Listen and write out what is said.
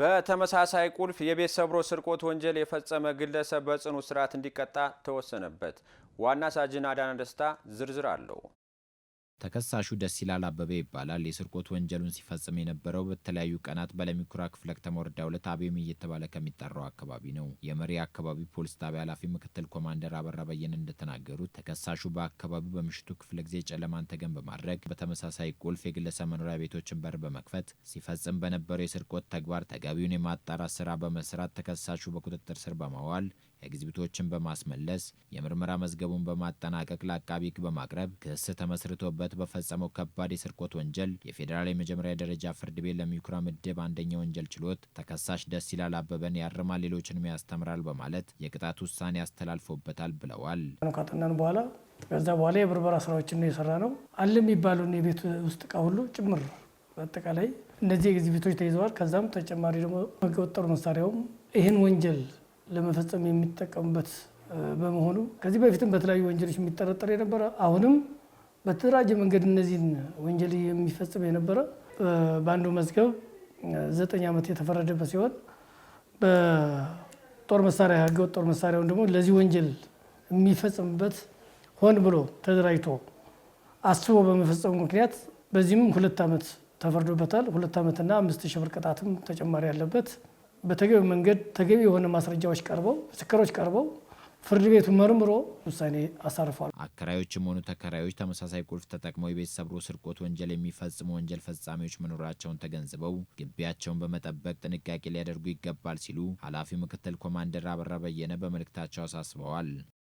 በተመሳሳይ ቁልፍ የቤት ሰብሮ ስርቆት ወንጀል የፈጸመ ግለሰብ በጽኑ እስራት እንዲቀጣ ተወሰነበት። ዋና ሳጅን አዳነ ደስታ ዝርዝር አለው። ተከሳሹ ደሲላል አበበ ይባላል። የስርቆት ወንጀሉን ሲፈጽም የነበረው በተለያዩ ቀናት በለሚኩራ ክፍለ ከተማ ወረዳ ሁለት አብዮሚ እየተባለ ከሚጠራው አካባቢ ነው። የመሪ አካባቢ ፖሊስ ጣቢያ ኃላፊ ምክትል ኮማንደር አበራ በየነ እንደተናገሩት ተከሳሹ በአካባቢው በምሽቱ ክፍለ ጊዜ ጨለማን ተገን በማድረግ በተመሳሳይ ቁልፍ የግለሰብ መኖሪያ ቤቶችን በር በመክፈት ሲፈጽም በነበረው የስርቆት ተግባር ተገቢውን የማጣራት ስራ በመስራት ተከሳሹ በቁጥጥር ስር በማዋል ኤግዚቢቶችን በማስመለስ የምርመራ መዝገቡን በማጠናቀቅ ለአቃቢ ሕግ በማቅረብ ክስ ተመስርቶበት በፈጸመው ከባድ የስርቆት ወንጀል የፌዴራል የመጀመሪያ ደረጃ ፍርድ ቤት ለሚኩራ ምድብ አንደኛ ወንጀል ችሎት ተከሳሽ ደስ ይላል አበበን ያርማል፣ ሌሎችንም ያስተምራል በማለት የቅጣት ውሳኔ ያስተላልፎበታል ብለዋል። ካጠናን በኋላ ከዛ በኋላ የብርበራ ስራዎችን ነው የሰራ ነው አለ የሚባለውን የቤት ውስጥ እቃ ሁሉ ጭምር በአጠቃላይ እነዚህ ኤግዚቢቶች ተይዘዋል። ከዛም ተጨማሪ ደግሞ ህገወጥ መሳሪያውም ይህን ወንጀል ለመፈጸም የሚጠቀሙበት በመሆኑ ከዚህ በፊትም በተለያዩ ወንጀሎች የሚጠረጠር የነበረ አሁንም በተደራጀ መንገድ እነዚህን ወንጀል የሚፈጽም የነበረ በአንዱ መዝገብ ዘጠኝ ዓመት የተፈረደበት ሲሆን በጦር መሳሪያ ህገወጥ ጦር መሳሪያውን ደግሞ ለዚህ ወንጀል የሚፈጽምበት ሆን ብሎ ተደራጅቶ አስቦ በመፈጸሙ ምክንያት በዚህም ሁለት ዓመት ተፈርዶበታል። ሁለት ዓመትና አምስት ሺህ ብር ቅጣትም ተጨማሪ ያለበት በተገቢ መንገድ ተገቢ የሆነ ማስረጃዎች ቀርበው ምስክሮች ቀርበው ፍርድ ቤቱ መርምሮ ውሳኔ አሳርፏል። አከራዮችም ሆኑ ተከራዮች ተመሳሳይ ቁልፍ ተጠቅመው የቤት ሰብሮ ስርቆት ወንጀል የሚፈጽሙ ወንጀል ፈጻሚዎች መኖራቸውን ተገንዝበው ግቢያቸውን በመጠበቅ ጥንቃቄ ሊያደርጉ ይገባል ሲሉ ኃላፊው ምክትል ኮማንደር አበራ በየነ በመልእክታቸው አሳስበዋል።